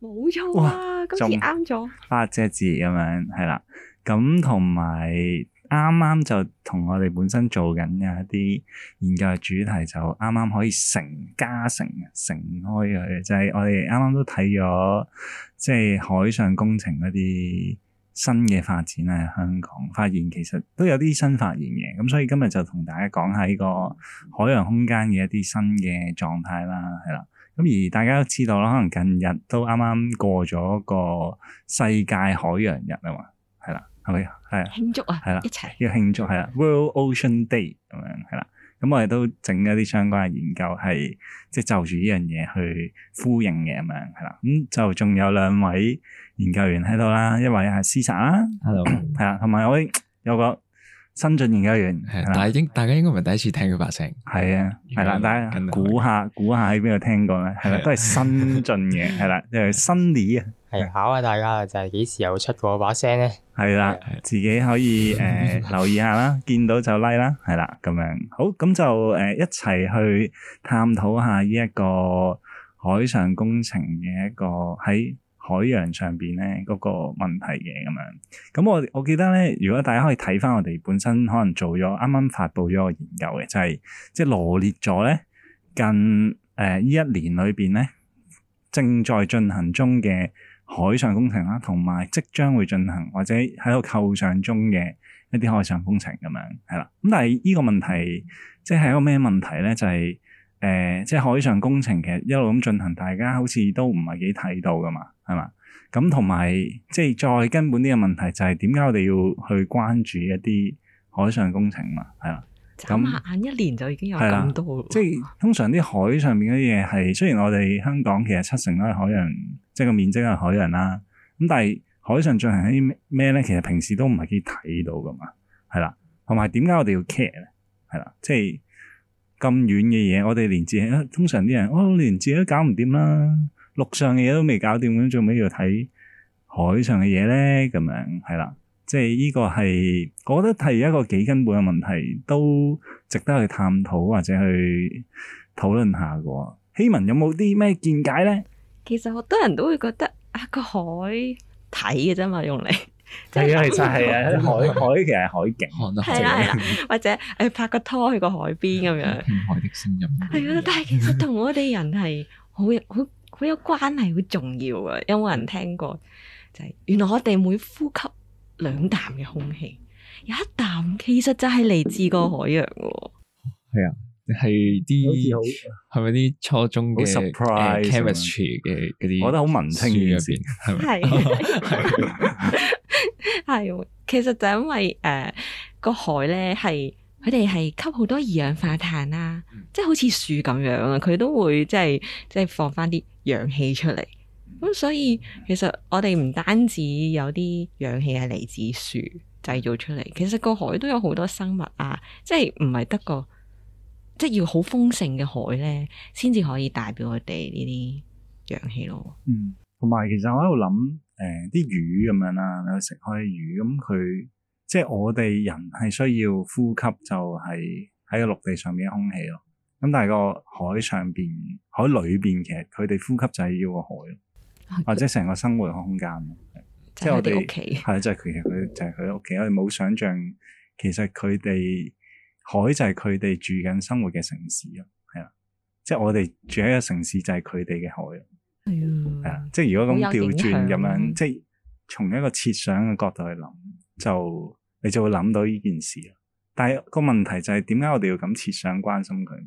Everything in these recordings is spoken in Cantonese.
冇錯啊！哇今次啱咗八隻字咁樣，係啦。咁同埋啱啱就同我哋本身做緊嘅一啲研究嘅主題，就啱啱可以成家成成開佢，就係、是、我哋啱啱都睇咗，即、就、係、是、海上工程嗰啲新嘅發展喺香港發現其實都有啲新發現嘅，咁所以今日就同大家講下呢個海洋空間嘅一啲新嘅狀態啦，係啦。咁而大家都知道啦，可能近日都啱啱過咗個世界海洋日啊嘛，係啦，係咪？係慶祝啊，係啦，一齊要慶祝係啦，World Ocean Day 咁樣係啦。咁我哋都整咗啲相關嘅研究，係即係就住呢樣嘢去呼應嘅咁樣係啦。咁就仲有兩位研究員喺度啦，一位係思察啦，係啦，同埋我哋有個。新進研究員，係，但係應大家應該唔係第一次聽佢把聲，係啊，係啦，大家估下估下喺邊度聽過咧？係啦，都係新進嘅，係啦，即係新嚟啊，係考下大家啊，就係幾時有出過把聲咧？係啦，自己可以誒留意下啦，見到就拉啦，係啦，咁樣，好，咁就誒一齊去探討下呢一個海上工程嘅一個喺。海洋上面呢嗰個問題嘅咁樣，咁我我記得呢，如果大家可以睇返我哋本身可能做咗啱啱發布咗個研究嘅，就係、是、即係羅列咗呢近誒呢、呃、一年裏面呢正在進行中嘅海上工程啦，同埋即將會進行或者喺度構想中嘅一啲海上工程咁樣係啦。咁但係呢個問題即係一個咩問題呢？就係、是、誒、呃、即係海上工程其實一路咁進行，大家好似都唔係幾睇到㗎嘛。係嘛？咁同埋即係再根本啲嘅問題就係點解我哋要去關注一啲海上工程嘛？係啦，眨眼一年就已經有咁多。即係通常啲海上面嗰啲嘢係，雖然我哋香港其實七成都係海洋，即係個面積係海洋啦。咁但係海上進行啲咩咧？其實平時都唔係幾睇到噶嘛。係啦，同埋點解我哋要 care 咧？係啦，即係咁遠嘅嘢，我哋連自己通常啲人，我、哦、連自己都搞唔掂啦。陸上嘅嘢都未搞掂，咁做咩要睇海上嘅嘢咧？咁樣係啦，即係呢個係，我覺得係一個幾根本嘅問題，都值得去探討或者去討論下嘅。希文有冇啲咩見解咧？其實好多人都會覺得啊，個海睇嘅啫嘛，用嚟，係啊，係啊，係啊，海海其實係海景，係啦係啦，或者係拍個拖去個海邊咁樣，海嘅聲音，係啊，但係其實同我哋人係好好。佢有關係，好重要啊！有冇人聽過？就係、是、原來我哋每呼吸兩啖嘅空氣，有一啖其實就係嚟自個海洋嘅。係啊，係啲係咪啲初中嘅、uh, chemistry 嘅嗰啲？我覺得好文青嘅入面，係咪是吧？係係，其實就因為誒、uh, 個海咧係。佢哋係吸好多二氧化碳啦，嗯、即係好似樹咁樣啊，佢都會即係即係放翻啲氧氣出嚟。咁所以其實我哋唔單止有啲氧氣係嚟自樹製造出嚟，其實個海都有好多生物啊，即係唔係得個即係要好豐盛嘅海咧，先至可以代表我哋呢啲氧氣咯。嗯，同埋其實我喺度諗，誒、呃，啲魚咁樣啦，食開魚咁佢。即係我哋人係需要呼吸，就係喺個陸地上面嘅空氣咯。咁但係個海上邊、海裏邊，其實佢哋呼吸就係要個海，啊、或者成個生活嘅空間。即係我哋屋企係即係其實佢就係佢屋企。我哋冇想象其實佢哋海就係佢哋住緊生活嘅城市咯。係啊，即係我哋住喺個城市就係佢哋嘅海。係啊，即係如果咁調轉咁樣，即係從一個設想嘅角度去諗就。你就會諗到呢件事啦，但係個問題就係點解我哋要咁設想關心佢？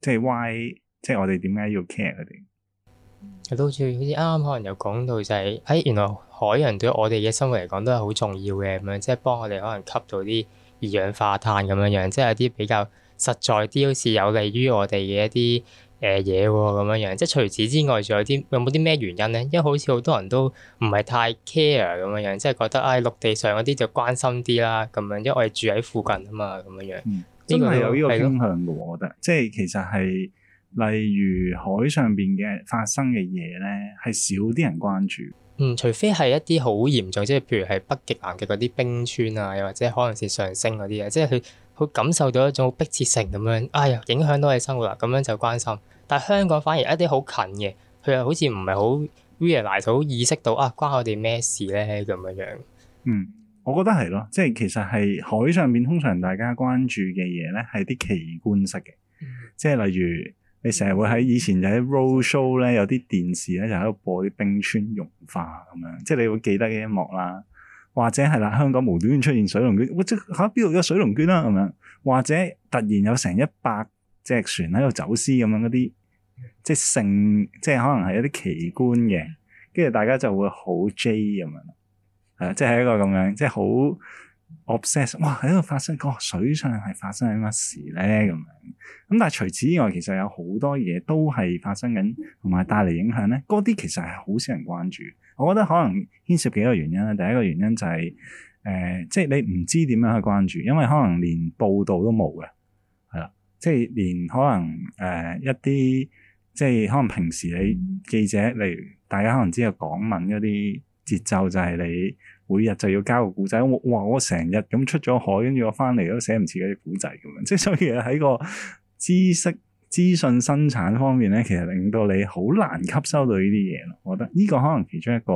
即係 why，即係我哋點解要 care 佢哋？都好似啱啱可能有講到就係，哎，原來海洋對我哋嘅生活嚟講都係好重要嘅咁樣，即係幫我哋可能吸到啲二氧化碳咁樣樣，即係有啲比較實在啲，好似有利於我哋嘅一啲。誒嘢喎，咁、呃啊、樣樣，即係除此之外，仲有啲有冇啲咩原因咧？因為好似好多人都唔係太 care 咁樣樣，即係覺得誒、啊、陸地上嗰啲就關心啲啦，咁樣，因為我哋住喺附近啊嘛，咁樣樣。呢、嗯、真係有呢個傾向是我覺得，即係其實係例如海上邊嘅發生嘅嘢咧，係少啲人關注。嗯，除非係一啲好嚴重，即係譬如係北極南極嗰啲冰川啊，又或者可能係上升嗰啲啊，即係佢。佢感受到一種逼切性咁樣，哎呀，影響到你生活啦，咁樣就關心。但係香港反而一啲好近嘅，佢又好似唔係好 realize 好意識到啊，關我哋咩事咧咁樣。嗯，我覺得係咯，即係其實係海上面，通常大家關注嘅嘢咧，係啲奇觀式嘅，嗯、即係例如你成日會喺以前就喺 roadshow 咧有啲電視咧就喺度播啲冰川融化咁樣，即係你會記得嘅一幕啦。或者係啦，香港無端端出現水龍捲，我即嚇邊度有水龍捲啊？咁樣或者突然有成一百隻船喺度走私咁樣嗰啲，即係性，即係可能係一啲奇觀嘅，跟住大家就會好 jay 咁樣，係即係一個咁樣，即係好 obsess，哇喺度發生個水上係發生緊乜事咧？咁樣咁，但係除此之外，其實有好多嘢都係發生緊，同埋帶嚟影響咧，嗰啲其實係好少人關注。我覺得可能牽涉幾個原因啦。第一個原因就係、是、誒、呃，即係你唔知點樣去關注，因為可能連報道都冇嘅，係啦。即係連可能誒、呃、一啲，即係可能平時你記者嚟，嗯、大家可能知嘅港聞嗰啲節奏，就係你每日就要交個古仔。我哇，我成日咁出咗海，跟住我翻嚟都寫唔似嗰啲古仔咁樣。即係所以喺個知識，資訊生產方面咧，其實令到你好難吸收到呢啲嘢咯。我覺得呢個可能其中一個，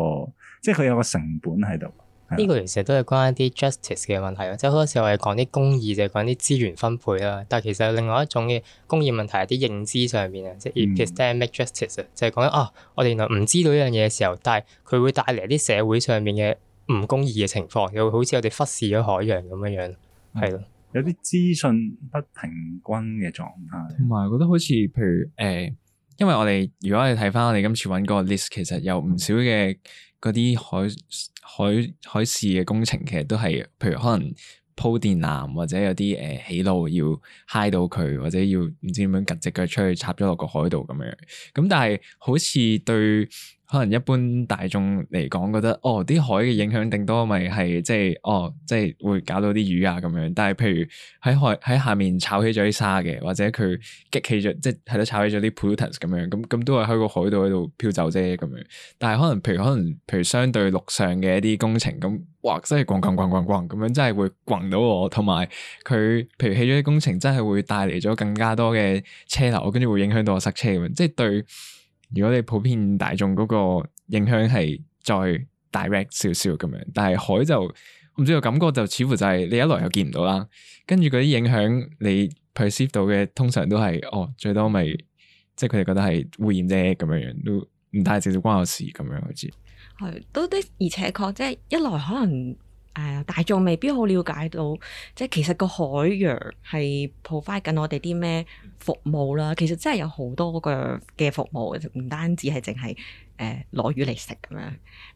即係佢有個成本喺度。呢個其實都係關一啲 justice 嘅問題咯。即係好多時候我哋講啲公義就係、是、講啲資源分配啦，但係其實另外一種嘅公義問題係啲認知上面啊，即、就、係、是、epistemic justice、嗯、就係講啊，我哋原來唔知道呢樣嘢嘅時候，但係佢會帶嚟啲社會上面嘅唔公義嘅情況，就好似我哋忽視咗海洋咁樣樣，係咯。嗯有啲資訊不平均嘅狀態，同埋覺得好似譬如誒、呃，因為我哋如果你睇翻我哋今次揾個 list，其實有唔少嘅嗰啲海海海，海事嘅工程，其實都係譬如可能鋪電纜或者有啲誒、呃、起路要嗨到佢，或者要唔知點樣夾隻腳出去插咗落個海度咁樣，咁但係好似對。可能一般大眾嚟講覺得哦啲海嘅影響，頂多咪係即係哦即係、就是、會搞到啲魚啊咁樣。但係譬如喺海喺下面炒起咗啲沙嘅，或者佢激起咗即係都炒起咗啲 pollutants 咁樣，咁咁都係喺個海度喺度漂走啫咁樣。但係可能譬如可能譬，譬如相對陸上嘅一啲工程咁，哇真係咣咣咣咣咣咁樣，真係會轟到我。同埋佢譬如起咗啲工程，真係會，會，會帶嚟咗更加多嘅車流，跟住會影響到我塞車咁樣，即係對。如果你普遍大眾嗰個影響係再 direct 少少咁樣，但係海就我唔知道感覺就似乎就係你一來又見唔到啦，跟住嗰啲影響你 perceive 到嘅通常都係哦最多咪、就是、即係佢哋覺得係污染啫咁樣樣，都唔太少少關我事咁樣嗰啲。係都的，而且確即係一來可能。誒、uh, 大眾未必好了解到，即係其實個海洋係 provide 緊我哋啲咩服務啦。其實真係有好多個嘅服務，唔單止係淨係誒攞魚嚟食咁樣。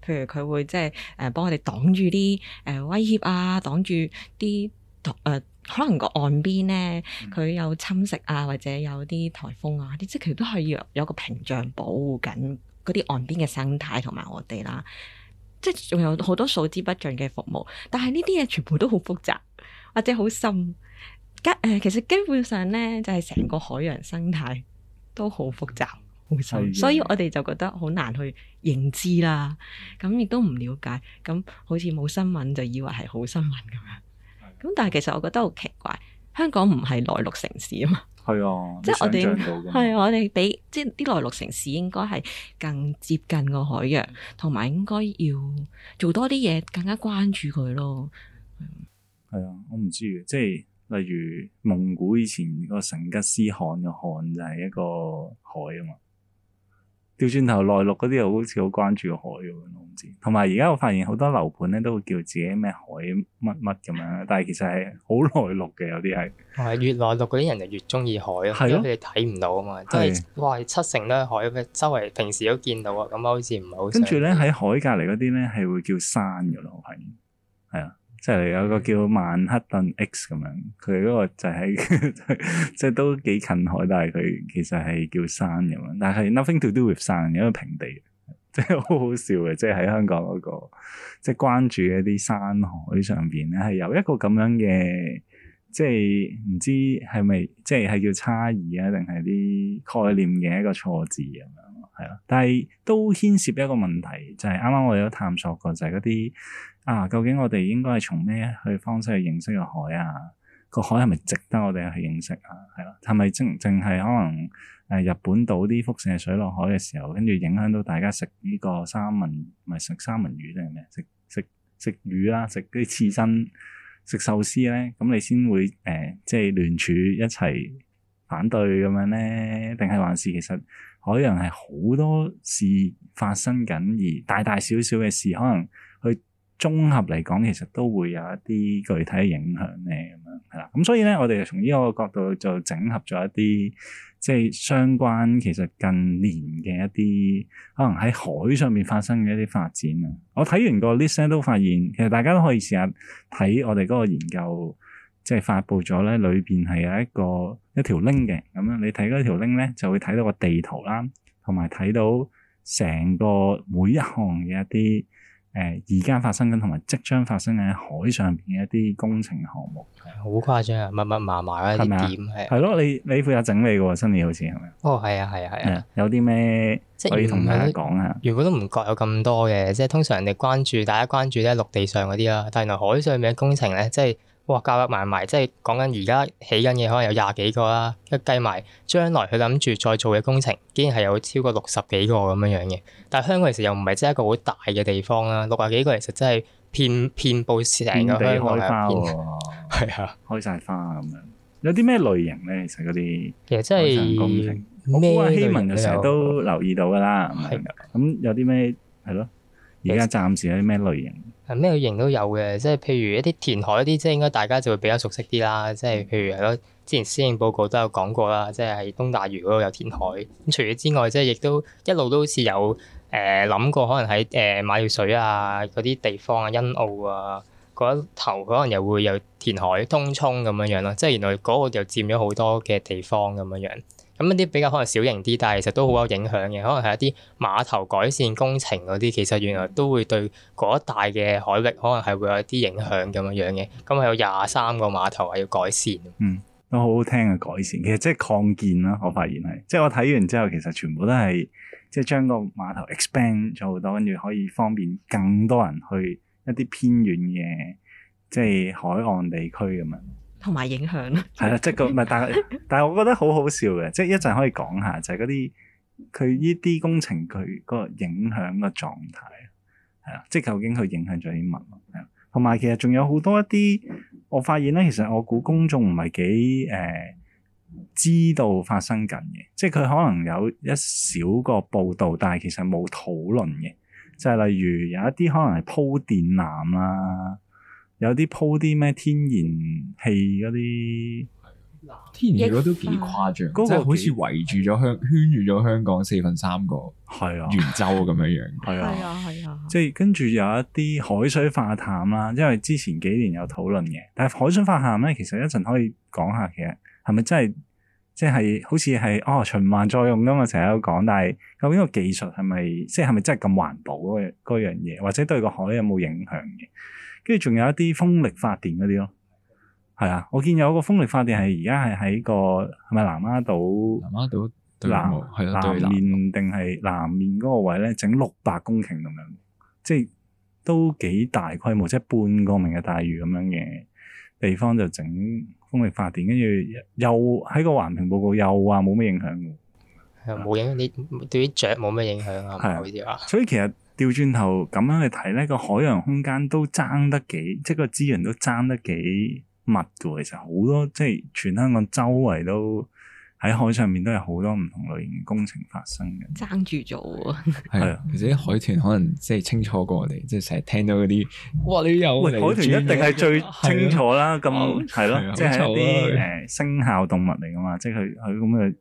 譬如佢會即係誒幫我哋擋住啲誒威脅啊，擋住啲誒、呃、可能個岸邊咧佢有侵蝕啊，或者有啲颱風啊啲，即係其實都係有有個屏障保護緊嗰啲岸邊嘅生態同埋我哋啦。即係仲有好多數之不盡嘅服務，但係呢啲嘢全部都好複雜，或者好深。誒，其實基本上咧，就係、是、成個海洋生態都好複雜，好深、嗯嗯，所以我哋就覺得好難去認知啦。咁亦都唔了解，咁好似冇新聞就以為係好新聞咁樣。咁但係其實我覺得好奇怪，香港唔係內陸城市啊嘛。係啊，即係我哋係啊，我哋比即係啲內陸城市應該係更接近個海洋，同埋應該要做多啲嘢，更加關注佢咯。係啊，我唔知嘅，即係例如蒙古以前個成吉思汗嘅汗就係一個海啊嘛。掉轉頭內陸嗰啲又好似好關注海嘅喎，我唔知。同埋而家我發現好多樓盤咧都會叫自己咩海乜乜咁樣，但係其實係好內陸嘅，有啲係。係越內陸嗰啲人就越中意海咯，因為佢哋睇唔到啊嘛，即係哇七成都係海，周圍平時都見到啊，咁啊好似唔好。跟住咧喺海隔離嗰啲咧係會叫山嘅咯，係，係啊。即係有個叫曼克頓 X 咁樣，佢嗰個就係、即係、 即係都幾近海，但係佢其實係叫山咁樣。但係 nothing to do with 山，一個平地，即係好好笑嘅。即係喺香港嗰、嗰個，即係關注一啲山海上邊咧，係有一個咁樣嘅，即係唔知係咪即係係叫差異啊，定係啲概念嘅一個錯字咁樣，係咯。但係都牽涉一個問題，就係啱啱我哋都探索過，就係嗰啲。啊，究竟我哋應該係從咩去方式去認識個海啊？個海係咪值得我哋去認識啊？係咯，係咪淨淨係可能誒日本倒啲輻射水落海嘅時候，跟住影響到大家食呢個三文，唔係食三文魚定係咩？食食食魚啦、啊，食啲刺身，食壽司咧，咁你先會誒，即、呃、係、就是、聯署一齊反對咁樣咧？定係還是其實海洋係好多事發生緊，而大大小小嘅事可能去。綜合嚟講，其實都會有一啲具體嘅影響咧咁樣，係啦。咁所以咧，我哋從呢個角度就整合咗一啲即係相關，其實近年嘅一啲可能喺海上面發生嘅一啲發展啊。我睇完個 list 咧，都發現其實大家都可以試下睇我哋嗰個研究，即係發佈咗咧，裏邊係有一個一條 link 嘅。咁樣，嗯，你睇嗰條 link 咧，就會睇到個地圖啦，同埋睇到成個每一行嘅一啲。誒，而家發生緊同埋即將發生嘅海上邊嘅一啲工程項目，好誇張啊，密密麻麻一啲點係，係咯吧是，你你負責整理嘅喎，新年好似係咪？哦，係啊，係啊，係啊，有啲咩可以同大家講下？如果都唔覺有咁多嘅，即係通常人哋關注，大家關注咧陸地上嗰啲啦，但係原來海上面嘅工程咧，即係。哇，夾夾埋埋，即係講緊而家起緊嘢，可能有廿幾個啦。一計埋將來佢諗住再做嘅工程，竟然係有超過六十幾個咁樣樣嘅。但係香港其實又唔係真係一個好大嘅地方啦，六十幾個其實真係遍遍佈成個香港，係啊，開曬花咁樣。有啲咩類型咧？其實嗰啲其實真係咩？希汶就成日都留意到㗎啦。係啊，咁有啲咩係咯？而家暫時有啲咩類型？啊，咩類型都有嘅，即係譬如一啲填海啲，即係應該大家就會比較熟悉啲啦。即係譬如我之前施政報告都有講過啦，即係喺東大嶼嗰度有填海。咁除咗之外，即係亦都一路都好似有誒諗、呃、過，可能喺誒馬料水啊嗰啲地方啊、欣澳啊嗰一頭，可能又會有填海、東涌咁樣樣咯。即係原來嗰個又佔咗好多嘅地方咁樣樣。咁一啲比較可能小型啲，但係其實都好有影響嘅，可能係一啲碼頭改善工程嗰啲，其實原來都會對嗰一帶嘅海域可能係會有一啲影響咁樣樣嘅。咁係有廿三個碼頭係要改善。嗯，都好好聽啊！改善其實即係擴建啦，我發現係，即係我睇完之後，其實全部都係即係將個碼頭 expand 咗好多，跟住可以方便更多人去一啲偏遠嘅即係海岸地區咁樣。同埋影響咯，係啦，即係個唔係，但係但係，我覺得好好笑嘅，即係一陣可以講下，就係嗰啲佢呢啲工程佢嗰個影響嘅狀態，係啊，即係究竟佢影響咗啲乜，係啊，同埋其實仲有好多一啲，我發現咧，其實我估公眾唔係幾誒知道發生緊嘅，即係佢可能有一少個報導，但係其實冇討論嘅，就係例如有一啲可能係鋪電纜啊。有啲鋪啲咩天然氣嗰啲，天然氣嗰都幾誇張，即係好似圍住咗香圈住咗香港四分三個圓周咁樣樣，係啊，即係跟住有一啲海水化淡啦，因為之前幾年有討論嘅，但係海水化淡咧，其實一陣可以講下，其實係咪真係？即係好似係哦循環作用咁我成日有講，但係究竟個技術係咪即係係咪真係咁環保嗰樣嘢，或者對個海有冇影響嘅？跟住仲有一啲風力發電嗰啲咯，係啊！我見有個風力發電係而家係喺個係咪南丫島？南丫島南係南面定係南面嗰個位咧，整六百公頃咁樣，即係都幾大規模，即係半個明日大嶼咁樣嘅地方就整。風力發電，跟住又喺個環評報告又話冇咩影響嘅，係冇影響，你係啊，對於雀冇咩影響啊，嗰，啊係啊。係啊，所以其實調轉頭咁樣去睇咧，個海洋空間都爭得幾，即係個資源都爭得幾密㗎。其實好多即係全香港周圍都。喺海上面都有好多唔同類型嘅工程發生嘅，爭住做啊！係啊，其實啲海豚可能即係清楚過我哋，即係成日聽到嗰啲，哇！你有海豚一定係最清楚啦，咁係咯，即係啲誒聲效動物嚟噶嘛，即係佢佢咁嘅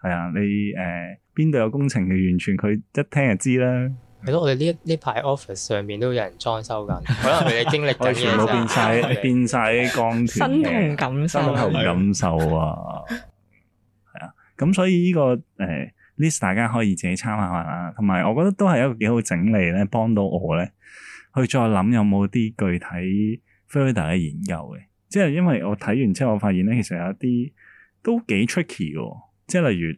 係啊，你誒邊度有工程你完全佢一聽就知啦。係咯，我哋呢呢排 office 上面都有人裝修緊，可能佢哋經歷咗全部變晒變晒光條，身同感受，感受啊！咁、嗯、所以呢個誒、呃、list 大家可以自己參考下，同埋我覺得都係一個幾好整理咧，幫到我咧去再諗有冇啲具體 further 嘅研究嘅。即係因為我睇完之後，我發現咧其實有啲都幾 tricky 嘅。即係例如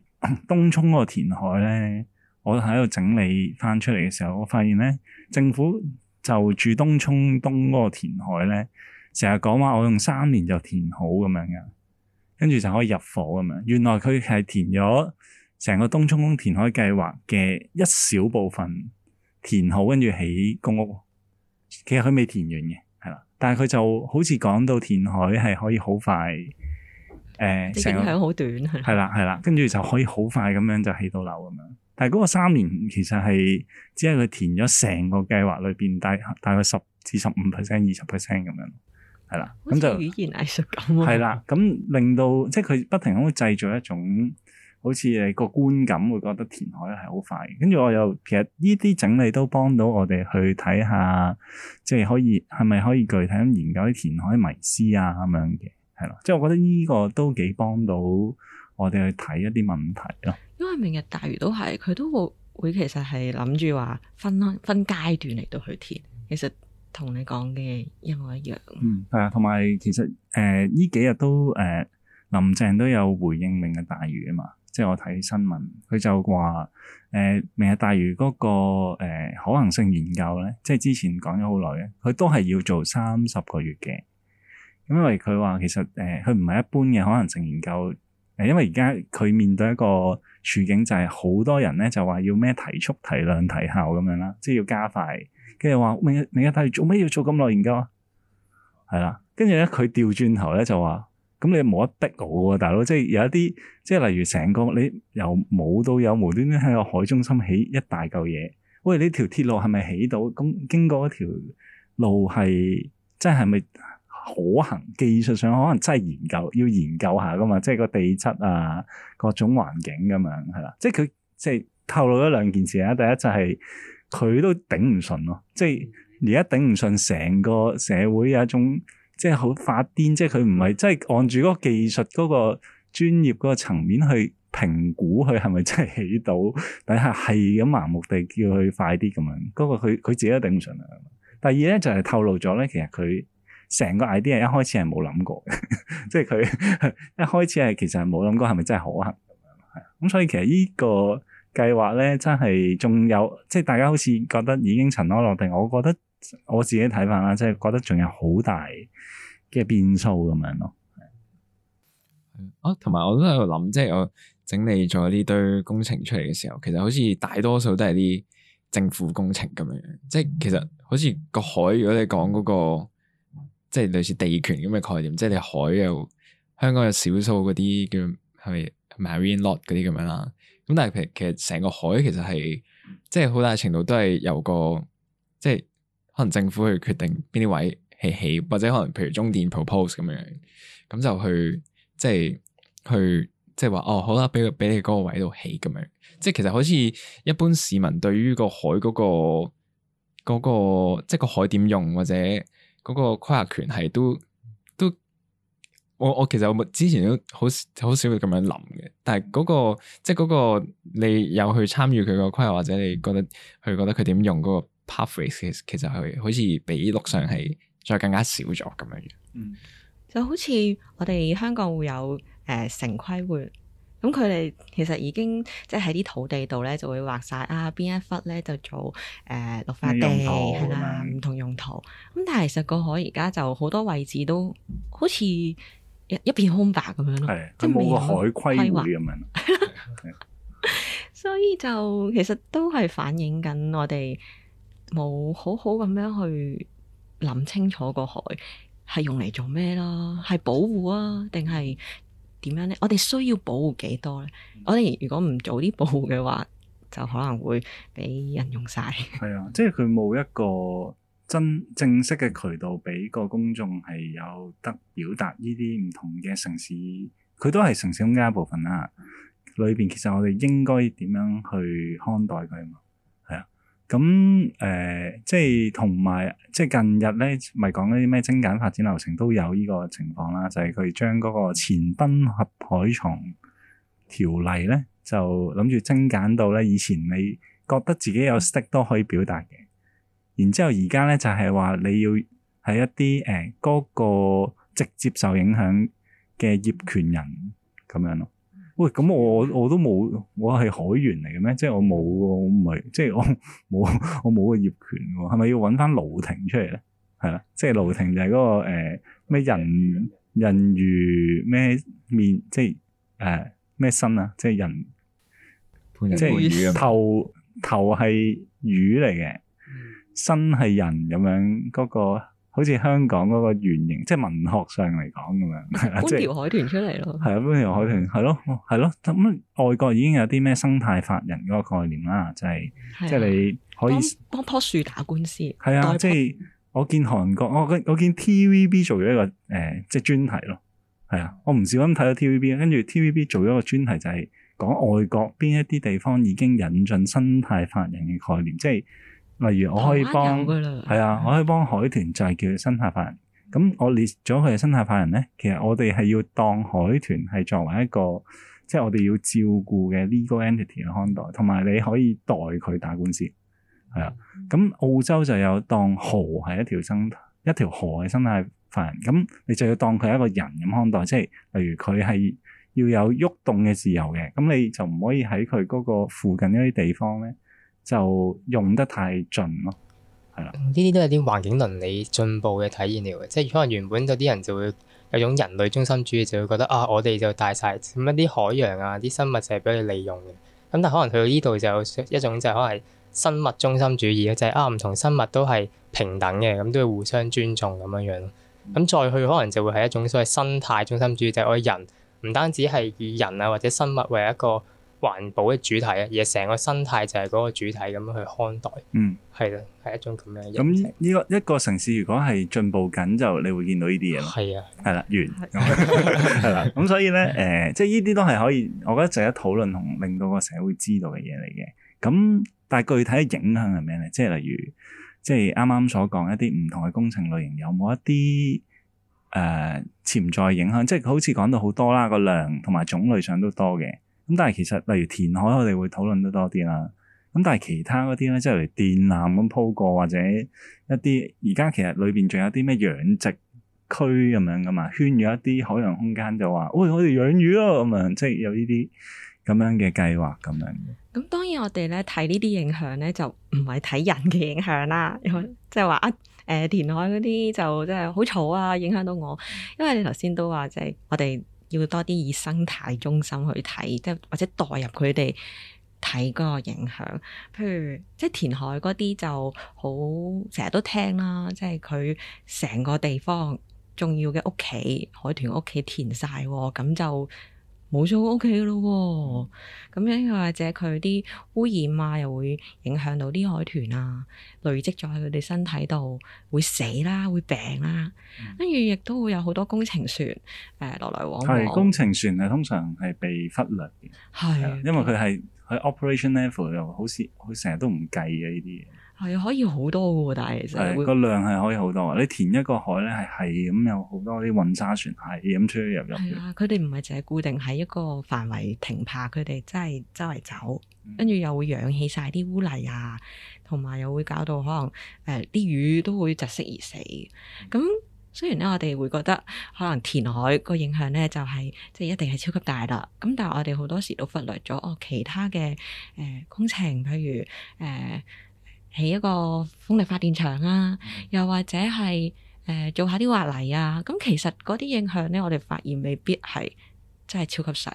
東涌嗰個填海咧，我喺度整理翻出嚟嘅時候，我發現咧政府就住東涌東嗰個填海咧，成日講話我用三年就填好咁樣嘅。跟住就可以入伙。咁樣。原來佢係填咗成個東涌填海計劃嘅一小部分，填好跟住起公屋。其實佢未填完嘅，係啦。但係佢就好似講到填海係可以好快，誒、呃、成個影響好短，係啦係啦，跟住就可以好快咁樣就起到樓咁樣。但係嗰個三年其實係只係佢填咗成個計劃裏邊大大概十至十五 percent、二十 percent 咁樣。係啦，咁就語言藝術感、啊，係啦，咁令到即係佢不停咁樣製造一種好似誒個觀感，會覺得填海係好快。跟住我又其實呢啲整理都幫到我哋去睇下，即係可以係咪可以具體咁研究啲填海迷思啊咁樣嘅，係啦。即係我覺得呢個都幾幫到我哋去睇一啲問題咯。因為明日大嶼都係佢都會會其實係諗住話分分階段嚟到去填，其實。同你講嘅一模一樣。嗯，係啊，同埋其實誒呢、呃、幾日都誒、呃、林鄭都有回應明日大雨嶼啊嘛，即係我睇新聞，佢就話誒明日大雨嶼嗰、那個誒、呃、可能性研究咧，即係之前講咗好耐嘅，佢都係要做三十個月嘅，因為佢話其實誒佢唔係一般嘅可能性研究，誒、呃、因為而家佢面對一個處境就係好多人咧就話要咩提速、提量、提效咁樣啦，即係要加快。跟住話，明日明日，但係做咩要做咁耐研究啊？係啦，跟住咧佢調轉頭咧就話，咁你冇得逼我喎，大佬，就是，即係有一啲，即係例如成個你由冇到有，無端端喺個海中心起一大嚿嘢。喂，你條鐵路係咪起到？咁經過一條路係，即係係咪可行？技術上可能真係研究要研究下㗎嘛，即係個地質啊，各種環境咁樣係啦。即係佢即係透露咗兩件事啦。第一就係、是。佢都頂唔順咯，即係而家頂唔順成個社會有一種即係好發癲，即係佢唔係即係按住嗰個技術嗰個專業嗰個層面去評估佢係咪真係起到，底下係咁盲目地叫佢快啲咁樣，嗰個佢佢自己都頂唔順啦。第二咧就係透露咗咧，其實佢成個 idea 一開始係冇諗過嘅， 即係佢一開始係其實冇諗過係咪真係可行咁樣，係咁所以其實呢個。計劃咧真係仲有，即係大家好似覺得已經塵埃落定，我覺得我自己睇法啦，即係覺得仲有好大嘅變數咁樣咯。啊，同埋我都喺度諗，即係我整理咗呢堆工程出嚟嘅時候，其實好似大多數都係啲政府工程咁樣，即係其實好似個海，如果你講嗰個即係類似地權咁嘅概念，即係你海又香港有少數嗰啲叫係 marine lot 嗰啲咁樣啦。咁但係其實成個海其實係即係好大程度都係由個即係可能政府去決定邊啲位起起，或者可能譬如中電 propose 咁樣，咁就去即係去即係話哦好啦畀俾你嗰個位度起咁樣，即係其實好似一般市民對於個海嗰、嗰個嗰、嗰個即係、就是、個海點用或者嗰個規劃權係都。我我其實我之前都好好少會咁樣諗嘅，但係嗰個即係嗰個你有去參與佢個規劃，或者你覺得佢覺得佢點用嗰個 pathways 其實佢好似比陸上係再更加少咗咁樣。嗯，就好似我哋香港會有誒城規會，咁佢哋其實已經即係喺啲土地度咧就會畫晒啊邊一忽咧就做誒綠化地係啦，唔同用途。咁但係其實個海而家就好多位置都好似～一一片空白咁樣咯，是即係冇個海規劃咁樣，規劃 所以就其實都係反映緊我哋冇好好咁樣去諗清楚個海係用嚟做咩咯，係保護啊，定係點樣咧？我哋需要保護幾多咧？我哋如果唔早啲保護嘅話，就可能會俾人用晒。嗯。係啊，即係佢冇一個。真正式嘅渠道畀個公眾係有得表達呢啲唔同嘅城市，佢都係城市空間一部分啦。裏邊其實我哋應該點樣去看待佢啊？係啊，咁誒、呃，即係同埋即係近日咧，咪講嗰啲咩精簡發展流程都有呢個情況啦，就係佢將嗰個前賓合海牀條例咧，就諗住精簡到咧以前你覺得自己有識都可以表達嘅。然之後，而家咧就係話你要喺一啲誒嗰個直接受影響嘅業權人咁樣咯。喂，咁我我都冇，我係海員嚟嘅咩？即係我冇，我唔係，即係我冇， 我冇個業權喎。係咪要揾翻盧亭出嚟咧？係啦，即係盧亭就係嗰、那個咩、呃、人人，人，人魚咩面， 即係誒咩身啊？即係人即係魚啊頭頭係魚嚟嘅。身係人咁樣，嗰、那個好似香港嗰個原型，即係文學上嚟講咁樣，搬條海豚出嚟咯。係啊，搬條海豚，係、哦、咯，係咯。咁外國已經有啲咩生態法人嗰個概念啦，就係、是、的即係你可以幫棵樹打官司。係啊的，替即係我見韓國，我我見 TVB 做咗一個誒、呃，即係專題咯。係啊，我唔少咁睇到 TVB，跟住 TVB 做咗個專題、就是，就係講外國邊一啲地方已經引進生態法人嘅概念，即係。例如我可以幫，係啊，我可以幫海豚就係叫生態法人。咁的我列咗佢嘅生態法人咧，其實我哋係要當海豚係作為一個，即係我哋要照顧嘅 legal entity 去看待，同埋你可以代佢打官司，係啊。咁的澳洲就有當河係一條生一條河嘅生態法人，咁你就要當佢係一個人咁看待，即係例如佢係要有喐動嘅自由嘅，咁你就唔可以喺佢嗰個附近一啲地方咧。就用得太盡咯，係啦。呢啲都係啲環境倫理進步嘅體驗嚟嘅，即係可能原本有啲人就會有種人類中心主義，就會覺得啊，我哋就大晒咁一啲海洋啊、啲生物就係俾佢利用嘅。咁但係可能去到呢度就一種就可能生物中心主義就係、係、啊唔同生物都係平等嘅，咁都要互相尊重咁樣樣。咁再去可能就會係一種所謂生態中心主義，就係、我人唔單止係以人啊或者生物為一個，環保嘅主題啊，而係成個生態就係嗰個主題咁樣去看待，嗯，係咯，係一種咁樣嘅。咁呢、嗯、個一個城市如果係進步緊，就你會見到呢啲嘢咯。係啊，係啦，完係啦。咁 所以咧，誒的、呃，即係呢啲都係可以，我覺得就係一討論同令到個社會知道嘅嘢嚟嘅。咁但係具體嘅影響係咩咧？即係例如，即係啱啱所講一啲唔同嘅工程類型，有冇一啲誒、呃、潛在影響？即係好似講到好多啦，個量同埋種類上都多嘅。咁但係其實例如填海，我哋會討論得多啲啦。咁但係其他嗰啲咧，即係嚟電纜咁鋪過，或者一啲而家其實裏邊仲有啲咩養殖區咁樣噶嘛，圈咗一啲海洋空間就話，喂，我哋養魚啊咁樣，即係有呢啲咁樣嘅計劃咁樣嘅。咁當然我哋咧睇呢啲影響咧，就唔係睇人嘅影響啦。即係話啊，誒、呃、填海嗰啲就即係好嘈啊，影響到我。因為你頭先都話即係我哋。要多啲以生態中心去睇，即係或者代入佢哋睇嗰個影響。譬如即係填海嗰啲就好，成日都聽啦，即係佢成個地方重要嘅屋企、海豚屋企填晒喎，咁就。冇咗，O K 嘅咯喎，咁樣又或者佢啲污染啊，又會影響到啲海豚啊，累積咗喺佢哋身體度，會死啦、啊，會病啦、啊，跟住亦都會有好多工程船，誒、呃、來來往往。係工程船咧，通常係被忽略嘅。係啊，因為佢係喺 operation level 又好似佢成日都唔計嘅呢啲嘢。係可以好多噶喎！但係其實個量係可以好多啊！你填一個海咧，係係咁有好多啲運沙船係咁出入入嘅。係啊，佢哋唔係凈係固定喺一個範圍停泊，佢哋真係周圍走，跟住、嗯、又會揚起晒啲污泥啊，同埋又會搞到可能誒啲、呃、魚都會窒息而死。咁、嗯、雖然咧，我哋會覺得可能填海個影響咧就係即係一定係超級大啦。咁但係我哋好多時都忽略咗哦、呃，其他嘅誒工程，譬如誒、呃呃呃呃呃呃起一個風力發電場啊，又或者係誒、呃、做下啲挖泥啊，咁其實嗰啲影響咧，我哋發現未必係真係超級細，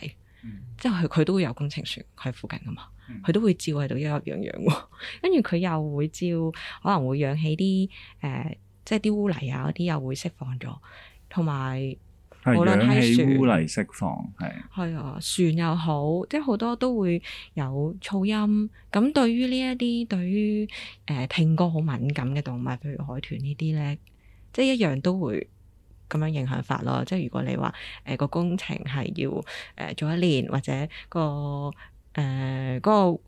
即係佢都會有工程船喺附近噶嘛，佢都會照喺度一一樣樣喎，跟住佢又會照可能會養起啲誒、呃，即係啲污泥啊嗰啲又會釋放咗，同埋。係，是氧氣、汙泥釋放係啊，係啊，船又好，即係好多都會有噪音。咁對於呢一啲對於誒、呃、聽歌好敏感嘅動物，譬如海豚呢啲咧，即係一樣都會咁樣影響法咯。即係如果你話誒個工程係要誒、呃、做一年，或者、那個誒嗰、呃那個誒、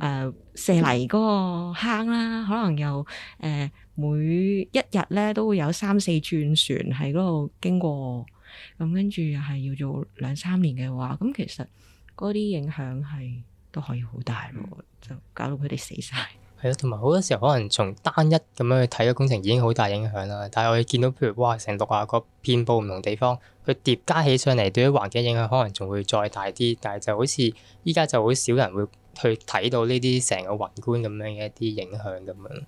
呃、卸泥嗰坑啦，可能又誒、呃、每一日咧都會有三四轉船喺嗰度經過。咁跟住又係要做兩三年嘅話，咁其實嗰啲影響係都可以好大咯，就搞到佢哋死晒。係啊，同埋好多時候可能從單一咁樣去睇個工程已經好大影響啦，但係我哋見到譬如哇，成六啊個遍布唔同地方，佢疊加起上嚟對啲環境影響可能仲會再大啲，但係就好似依家就好少人會去睇到呢啲成個宏觀咁樣嘅一啲影響咁樣。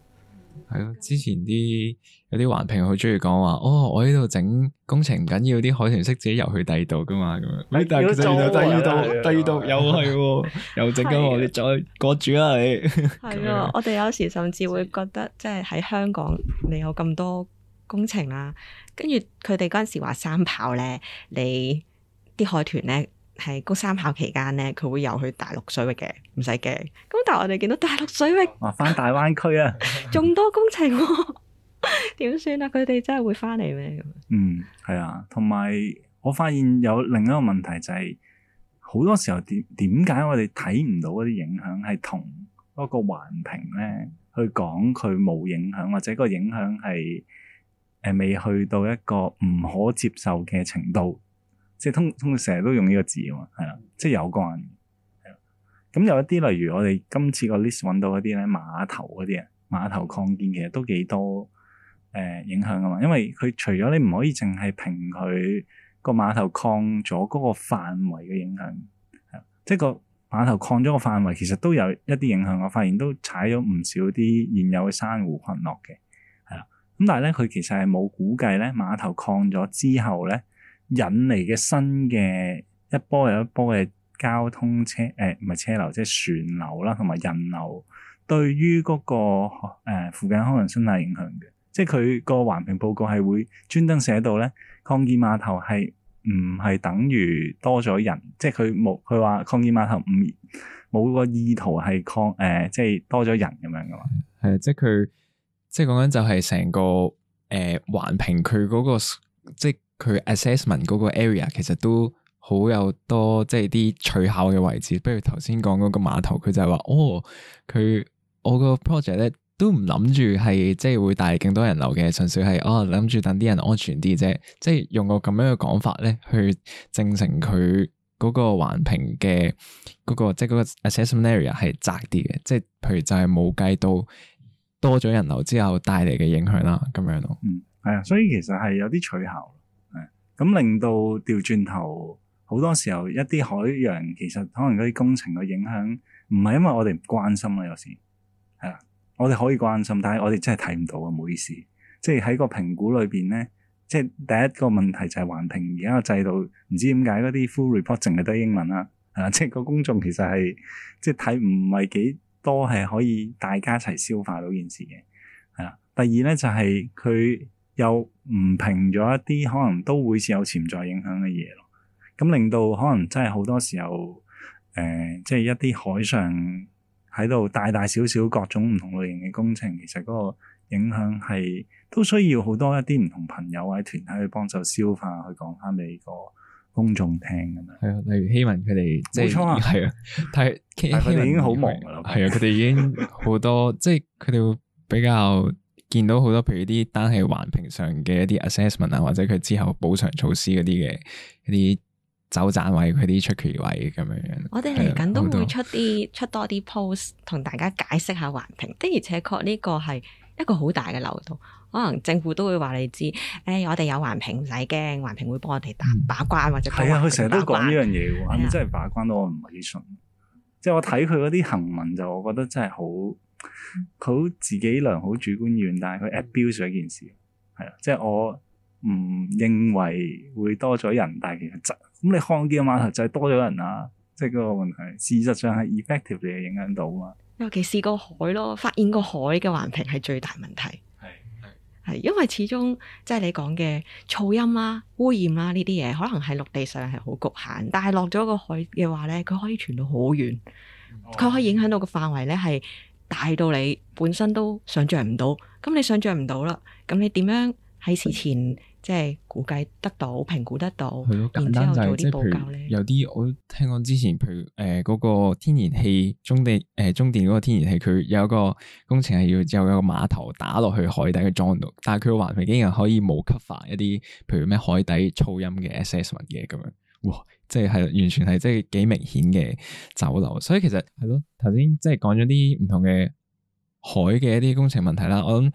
係咯，之前啲有啲環評好中意講話，哦，我呢度整工程唔緊要，啲海豚識自己游去第二度噶嘛，咁樣，你但係都做到第二度，第二度又係，又整我哋再過住啦，你係啊，我哋有時甚至會覺得，即係喺香港你有咁多工程啦、啊，跟住佢哋嗰陣時話三跑咧，你啲海豚咧係高三跑期間咧，佢會游去大陸水域嘅，唔使驚。我哋見到大陸水域，哇！返大灣區啊，仲 多工程，點算啊？佢 哋、啊、真係會返嚟咩？嗯，係啊。同埋，我發現有另一個問題就係、是，好多時候點點解我哋睇唔到嗰啲影響？係同嗰個環評咧，去講佢冇影響，或者個影響係誒未去到一個唔可接受嘅程度，即、就、係、是、通通成日都用呢個字啊嘛，係啊。即、就、係、是、有關。咁有一啲，例如我哋今次個 list 揾到嗰啲咧，碼頭嗰啲啊，碼頭擴建其實都幾多誒、呃、影響㗎嘛，因為佢除咗你唔可以淨係評佢個碼頭擴咗嗰個範圍嘅影響，即係個碼頭擴咗個範圍，其實都有一啲影響。我發現都踩咗唔少啲現有嘅珊瑚群落嘅，係啦。咁但係咧，佢其實係冇估計咧，碼頭擴咗之後咧引嚟嘅新嘅一波又一波嘅。交通車誒唔係車流，即係船流啦，同埋人流，對於嗰、那個、呃、附近可能生態影響嘅，即係佢個環評報告係會專登寫到咧，擴建碼頭係唔係等於多咗人？即係佢冇佢話擴建碼頭唔冇個意圖係擴，誒、呃，即係多咗人咁樣噶嘛？係，即係佢即係講緊就係成個誒、呃、環評佢嗰、那個，即係佢 assessment 嗰個 area 其實都。好有多即係啲取巧嘅位置，不如頭先講嗰個碼頭，佢就係話哦，佢我個 project 咧都唔諗住係即係會帶嚟更多人流嘅，純粹係哦諗住等啲人安全啲啫，即係用個咁樣嘅講法咧去證成佢嗰個環評嘅嗰個即係嗰個 assessment area 係窄啲嘅，即係譬如就係冇計到多咗人流之後帶嚟嘅影響啦，咁樣咯。嗯，係啊，所以其實係有啲取巧，係咁、嗯、令到調轉頭。好多時候，一啲海洋其實可能嗰啲工程嘅影響，唔係因為我哋唔關心啦。有時係啦，我哋可以關心，但係我哋真係睇唔到啊，唔好意思。即係喺個評估裏邊咧，即、就、係、是、第一個問題就係環評而家個制度，唔知點解嗰啲 full report 淨係得英文啦，係啊，即係、就是、個公眾其實係即係睇唔係幾多係可以大家一齊消化到件事嘅係啦。第二咧就係、是、佢又唔評咗一啲可能都會有潛在影響嘅嘢咯。咁令到可能真係好多時候，誒、呃，即係一啲海上喺度大大小小各種唔同類型嘅工程，其實嗰個影響係都需要好多一啲唔同朋友或者團體去幫手消化，去講翻俾個公眾聽。咁樣，係啊，例如希文佢哋即係，冇錯啊，係啊，但係其實佢哋已經好忙啦。係 啊，佢哋已經好多， 即係佢哋會比較見到好多，譬如啲單係環評上嘅一啲 assessment 啊，或者佢之後補償措施嗰啲嘅一啲。手攢位佢啲出權位咁樣樣，我哋嚟緊都會出啲出多啲 post 同大家解釋下環評。的而且確，呢個係一個好大嘅漏洞。可能政府都會話你知，誒我哋有環評唔使驚，環評會幫我哋把把關、嗯、或者係啊，佢成日都講呢樣嘢喎，咁真係把關到、嗯、我唔係幾信，的即係我睇佢嗰啲行文就我覺得真係好好自己良好主觀願，但係佢 abuse 咗一件事，係啊，即係我。唔認為會多咗人，但係其實咁、就是、你看見嘅碼頭就係、係、多咗人啊，即係嗰個問題。事實上係 effective 嚟嘅影響到嘛。尤其是個海咯，發現個海嘅環評係最大問題。係係係，因為始終即係你講嘅噪音啦、啊、污染啦呢啲嘢，可能喺陸地上係好局限，但係落咗個海嘅話咧，佢可以傳到好遠，佢、哦、可以影響到個範圍咧係大到你本身都想像唔到。咁你想像唔到啦，咁你點樣喺事前？即係估計得到、評估得到，係咯，然之後做啲報告咧。有啲我聽講之前，譬如誒嗰個天然氣中地誒中電嗰個天然氣，佢、呃、有一個工程係要有一個碼頭打落去海底嘅裝度。但係佢環評竟然可以冇觸發一啲，譬如咩海底噪音嘅 assessment 嘅咁樣。哇！即係係完全係即係幾明顯嘅走漏。所以其實係咯，頭先即係講咗啲唔同嘅海嘅一啲工程問題啦。我諗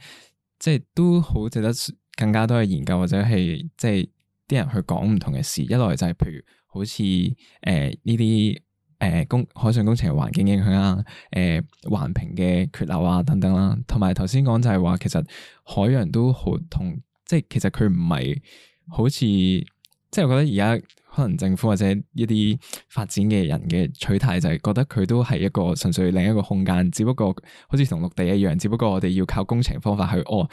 即係都好值得。更加多嘅研究或者係即係啲人去講唔同嘅事，一來就係譬如好似誒呢啲誒工海上工程嘅環境影響、呃、啊，誒環評嘅缺漏啊等等啦，同埋頭先講就係話其實海洋都好同即係其實佢唔係好似即係我覺得而家可能政府或者一啲發展嘅人嘅取態就係覺得佢都係一個純粹另一個空間，只不過好似同陸地一樣，只不過我哋要靠工程方法去哦。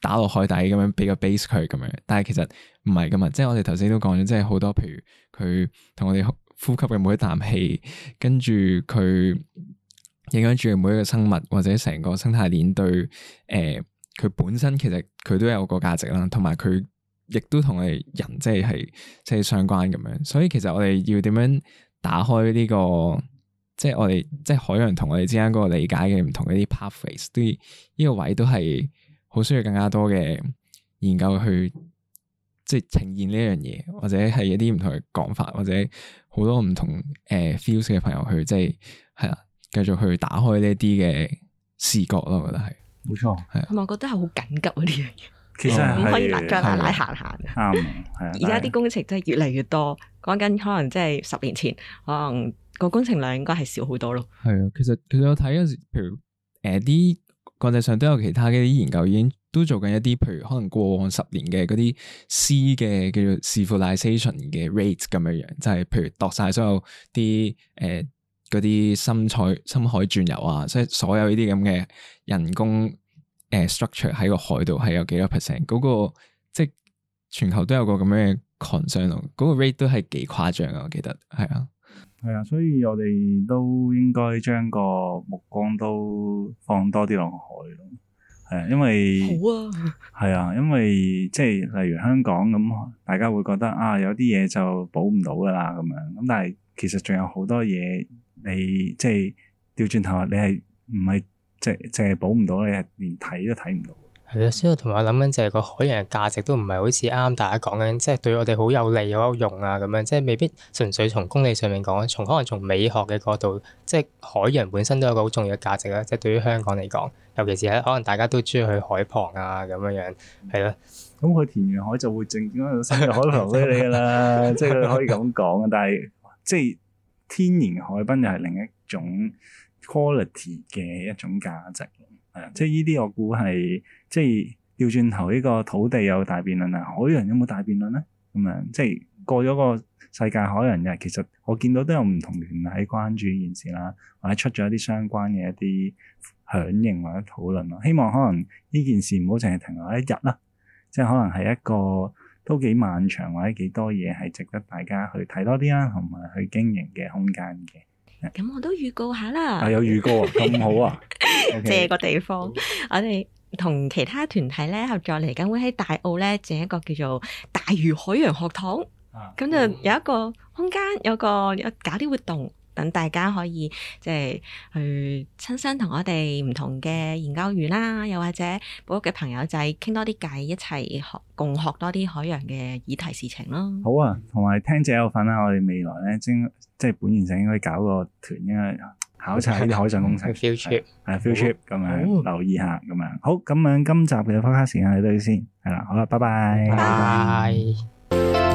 打落海底咁樣畀個 base 佢咁樣，但係其實唔係咁呀，即係我哋頭先都講咗，即係好多譬如佢同我哋呼，呼吸嘅每一啖氣，跟住佢影響住嘅每一個生物或者成個生態鏈對誒，佢、呃、本身其實佢都有個價值啦，同埋佢亦都同我哋人即係係即係相關咁樣。所以其實我哋要點樣打開呢、這個，即係我哋即係海洋同我哋之間嗰個理解嘅唔同一啲 pathways，呢呢個位都係。好需要更加多嘅研究去，即係呈現呢樣嘢，或者係一啲唔同嘅講法，或者好多唔同誒 feel 嘅朋友去，即係係啦，繼續去打開呢啲嘅視覺咯。我覺得係冇錯，係同埋我覺得係好緊急呢樣嘢。其實唔 可以再奶奶行行。啱，係啊。而家啲工程真係越嚟越多，講緊可能即係十年前，可能個工程量應該係少好多咯。係啊，其實其實我睇陣時，譬如誒啲。呃國際上都有其他嘅研究，已經都做緊一啲，譬如可能過往十年嘅嗰啲 C 嘅叫做 civilisation 嘅 rate 咁樣就係、是、譬如度曬所有啲誒嗰啲深水深海鑽油啊，所以所有呢啲咁嘅人工誒、呃、structure 喺、個海度係有幾多 percent？嗰個即係全球都有個咁樣嘅 concern 咯，嗰個 rate 都係幾誇張啊！我記得係啊。是係啊，所以我哋都應該將個目光都放多啲落海咯。係啊，因為好啊。係啊，因為即係例如香港咁，大家會覺得啊，有啲嘢就補唔到噶啦咁樣。咁但係其實仲有好多嘢，你即係調轉頭，你係唔係即係即係補唔到，你係連睇都睇唔到。係啦，所以同埋我諗緊就係個海洋嘅價值都唔係好似啱啱大家講緊，即、就、係、是、對我哋好有利、好用啊咁樣，即係未必純粹從功利上面講，從可能從美學嘅角度，即係海洋本身都有個好重要嘅價值啦。即係對於香港嚟講，尤其是咧，可能大家都中意去海旁啊咁樣樣，係啦。咁佢填完海就會整啲新嘅海旁俾你噶啦， 即係可以咁講啊。但係即係天然海濱又係另一種 quality 嘅一種價值，係、嗯、啊，即係呢啲我估係。即係調轉頭呢個土地有大辯論啊，海洋有冇大辯論咧？咁樣即係過咗個世界海洋日，其實我見到都有唔同團體關注呢件事啦，或者出咗一啲相關嘅一啲響應或者討論咯。希望可能呢件事唔好淨係停留一日啦，即係可能係一個都幾漫長或者幾多嘢係值得大家去睇多啲啦，同埋去經營嘅空間嘅。咁我都預告下啦。啊，有預告啊？咁 好啊！借、okay. 個地方，我哋。同其他團體咧合作，嚟緊會喺大澳咧整一個叫做大嶼海洋學堂，咁、啊、就有一個空間，啊、有，個，有，個，有個搞啲活動，等大家可以即係、就是、去親身我同我哋唔同嘅研究員啦，又或者保育嘅朋友仔傾多啲偈，一齊學共學多啲海洋嘅議題事情咯。好啊，同埋聽者有份啦、啊，我哋未來咧精即係本年度應該搞個團呢～考察呢啲海上工程，係 future 咁樣留意下，咁樣好咁樣。今集嘅 focus 時間就到先，係啦，好啦，拜拜，拜。